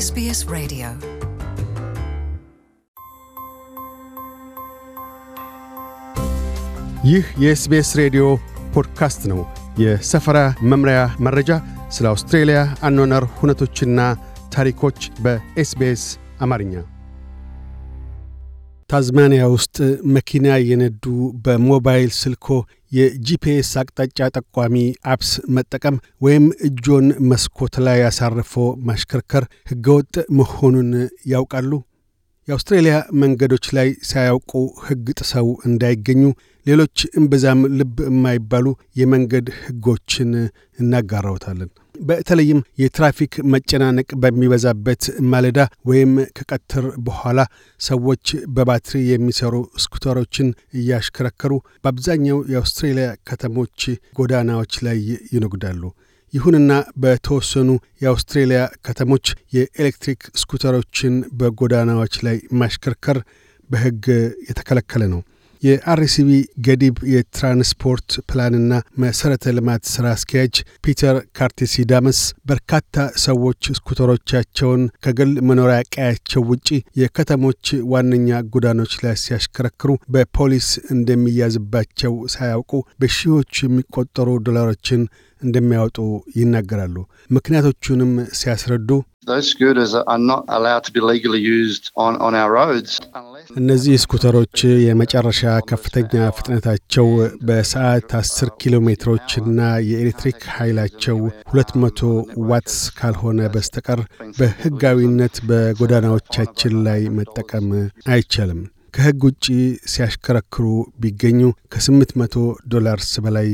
SBS Radio ይህ የኤስቢኤስ ሬዲዮ ፖድካስት ነው። የሰፈራ መምሪያ መረጃ፣ ስለ አውስትሬልያ አኗኗር ሁነቶችና ታሪኮች በኤስቢኤስ አማርኛ ታዝማኒያ ውስጥ መኪና የነዱ በሞባይል ስልኮ የጂፒኤስ አቅጣጫ ጠቋሚ አፕስ መጠቀም ወይም እጆን መስኮት ላይ አሳርፎ ማሽከርከር ሕገወጥ መሆኑን ያውቃሉ። የአውስትሬልያ መንገዶች ላይ ሳያውቁ ሕግ ጥሰው እንዳይገኙ ሌሎች እምብዛም ልብ የማይባሉ የመንገድ ሕጎችን እናጋራውታለን። በተለይም የትራፊክ መጨናነቅ በሚበዛበት ማለዳ ወይም ከቀትር በኋላ ሰዎች በባትሪ የሚሰሩ ስኩተሮችን እያሽከረከሩ በአብዛኛው የአውስትሬልያ ከተሞች ጎዳናዎች ላይ ይነጉዳሉ። ይሁንና በተወሰኑ የአውስትሬልያ ከተሞች የኤሌክትሪክ ስኩተሮችን በጎዳናዎች ላይ ማሽከርከር በሕግ የተከለከለ ነው። የአርሲቢ ገዲብ የትራንስፖርት ፕላንና መሠረተ ልማት ሥራ አስኪያጅ ፒተር ካርቲሲዳምስ በርካታ ሰዎች ስኩተሮቻቸውን ከግል መኖሪያ ቀያቸው ውጪ የከተሞች ዋነኛ ጎዳኖች ላይ ሲያሽከረክሩ በፖሊስ እንደሚያዝባቸው ሳያውቁ በሺዎች የሚቆጠሩ ዶላሮችን እንደሚያወጡ ይናገራሉ። ምክንያቶቹንም ሲያስረዱ እነዚህ ስኩተሮች የመጨረሻ ከፍተኛ ፍጥነታቸው በሰዓት 10 ኪሎ ሜትሮች ና የኤሌክትሪክ ኃይላቸው 200 ዋትስ ካልሆነ በስተቀር በሕጋዊነት በጎዳናዎቻችን ላይ መጠቀም አይቻልም። ከሕግ ውጪ ሲያሽከረክሩ ቢገኙ ከ800 ዶላርስ በላይ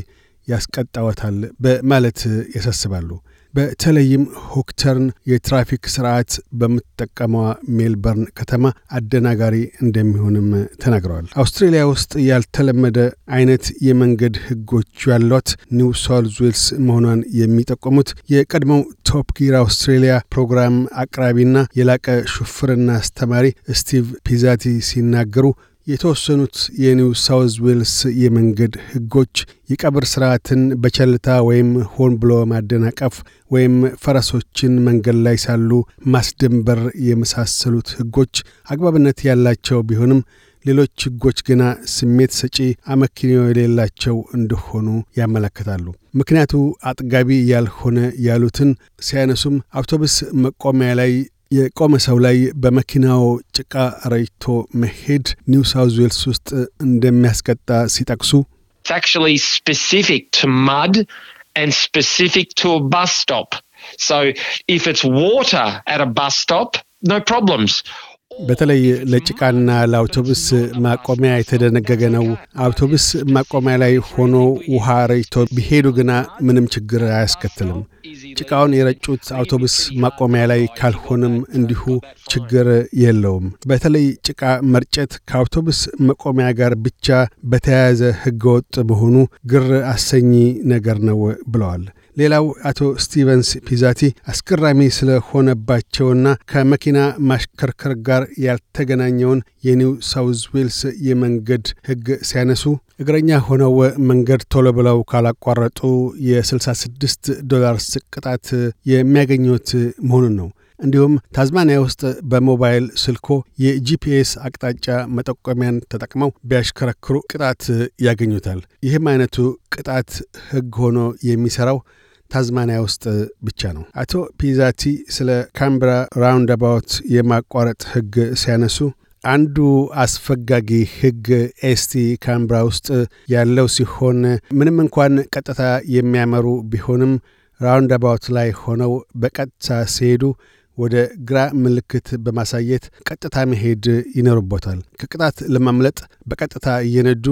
ያስቀጣዎታል በማለት ያሳስባሉ። በተለይም ሆክተርን የትራፊክ ስርዓት በምትጠቀመዋ ሜልበርን ከተማ አደናጋሪ እንደሚሆንም ተናግረዋል። አውስትሬሊያ ውስጥ ያልተለመደ አይነት የመንገድ ህጎች ያሏት ኒው ሳውዝ ዌልስ መሆኗን የሚጠቆሙት የቀድሞው ቶፕ ጊር አውስትሬሊያ ፕሮግራም አቅራቢና የላቀ ሹፍርና አስተማሪ ስቲቭ ፒዛቲ ሲናገሩ የተወሰኑት የኒው ሳውዝ ዌልስ የመንገድ ሕጎች የቀብር ሥርዓትን በቸልታ ወይም ሆን ብሎ ማደናቀፍ ወይም ፈረሶችን መንገድ ላይ ሳሉ ማስደንበር የመሳሰሉት ሕጎች አግባብነት ያላቸው ቢሆንም ሌሎች ሕጎች ግና ስሜት ሰጪ አመክንዮ የሌላቸው እንደሆኑ ያመለክታሉ። ምክንያቱ አጥጋቢ ያልሆነ ያሉትን ሲያነሱም አውቶቡስ መቆሚያ ላይ የቆመ ሰው ላይ በመኪናው ጭቃ ረጭቶ መሄድ ኒው ሳውዝ ዌልስ ውስጥ እንደሚያስቀጣ ሲጠቅሱ በተለይ ለጭቃና ለአውቶቡስ ማቆሚያ የተደነገገ ነው። አውቶቡስ ማቆሚያ ላይ ሆኖ ውሃ ረጭቶ ቢሄዱ ግና ምንም ችግር አያስከትልም። ጭቃውን የረጩት አውቶቡስ ማቆሚያ ላይ ካልሆነም እንዲሁ ችግር የለውም። በተለይ ጭቃ መርጨት ከአውቶቡስ መቆሚያ ጋር ብቻ በተያያዘ ሕገወጥ መሆኑ ግር አሰኝ ነገር ነው ብለዋል። ሌላው አቶ ስቲቨንስ ፒዛቲ አስገራሚ ስለሆነባቸውና ከመኪና ማሽከርከር ጋር ያልተገናኘውን የኒው ሳውዝ ዌልስ የመንገድ ሕግ ሲያነሱ እግረኛ ሆነው መንገድ ቶሎ ብለው ካላቋረጡ የ66 ዶላርስ ቅጣት የሚያገኙት መሆኑን ነው። እንዲሁም ታዝማኒያ ውስጥ በሞባይል ስልኮ የጂፒኤስ አቅጣጫ መጠቆሚያን ተጠቅመው ቢያሽከረክሩ ቅጣት ያገኙታል። ይህም አይነቱ ቅጣት ሕግ ሆኖ የሚሠራው ታዝማኒያ ውስጥ ብቻ ነው። አቶ ፒዛቲ ስለ ካምብራ ራውንድ አባውት የማቋረጥ ህግ ሲያነሱ አንዱ አስፈጋጊ ህግ ኤስቲ ካምብራ ውስጥ ያለው ሲሆን ምንም እንኳን ቀጥታ የሚያመሩ ቢሆንም ራውንድ አባውት ላይ ሆነው በቀጥታ ሲሄዱ ወደ ግራ ምልክት በማሳየት ቀጥታ መሄድ ይኖርቦታል። ከቅጣት ለማምለጥ በቀጥታ እየነዱ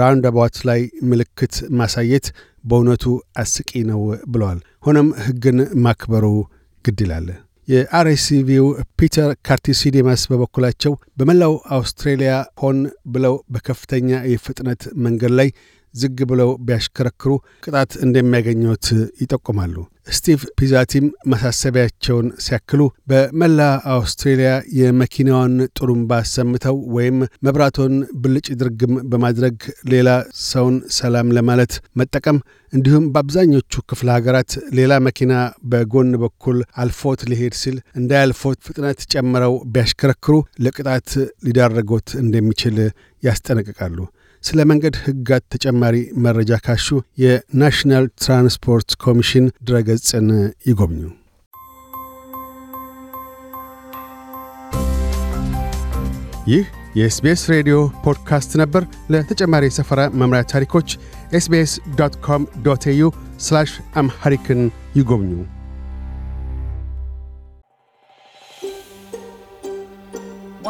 ራውንድ አባውት ላይ ምልክት ማሳየት በእውነቱ አስቂ ነው ብለዋል። ሆኖም ሕግን ማክበሩ ግድ ይላል። የአርኤስሲቪው ፒተር ካርቲሲዲመስ በበኩላቸው በመላው አውስትሬሊያ ሆን ብለው በከፍተኛ የፍጥነት መንገድ ላይ ዝግ ብለው ቢያሽከረክሩ ቅጣት እንደሚያገኙት ይጠቁማሉ። ስቲቭ ፒዛቲም ማሳሰቢያቸውን ሲያክሉ በመላ አውስትሬልያ የመኪናዋን ጥሩምባ ሰምተው ወይም መብራቶን ብልጭ ድርግም በማድረግ ሌላ ሰውን ሰላም ለማለት መጠቀም እንዲሁም በአብዛኞቹ ክፍለ ሀገራት ሌላ መኪና በጎን በኩል አልፎት ሊሄድ ሲል እንዳያልፎት ፍጥነት ጨምረው ቢያሽከረክሩ ለቅጣት ሊዳረጎት እንደሚችል ያስጠነቅቃሉ። ስለ መንገድ ህጋት ተጨማሪ መረጃ ካሹ የናሽናል ትራንስፖርት ኮሚሽን ድረገጽን ይጎብኙ። ይህ የኤስቤስ ሬዲዮ ፖድካስት ነበር። ለተጨማሪ የሰፈራ መምሪያ ታሪኮች ኤስቤስ ዶት ኮም ዶት ኤዩ አምሐሪክን ይጎብኙ።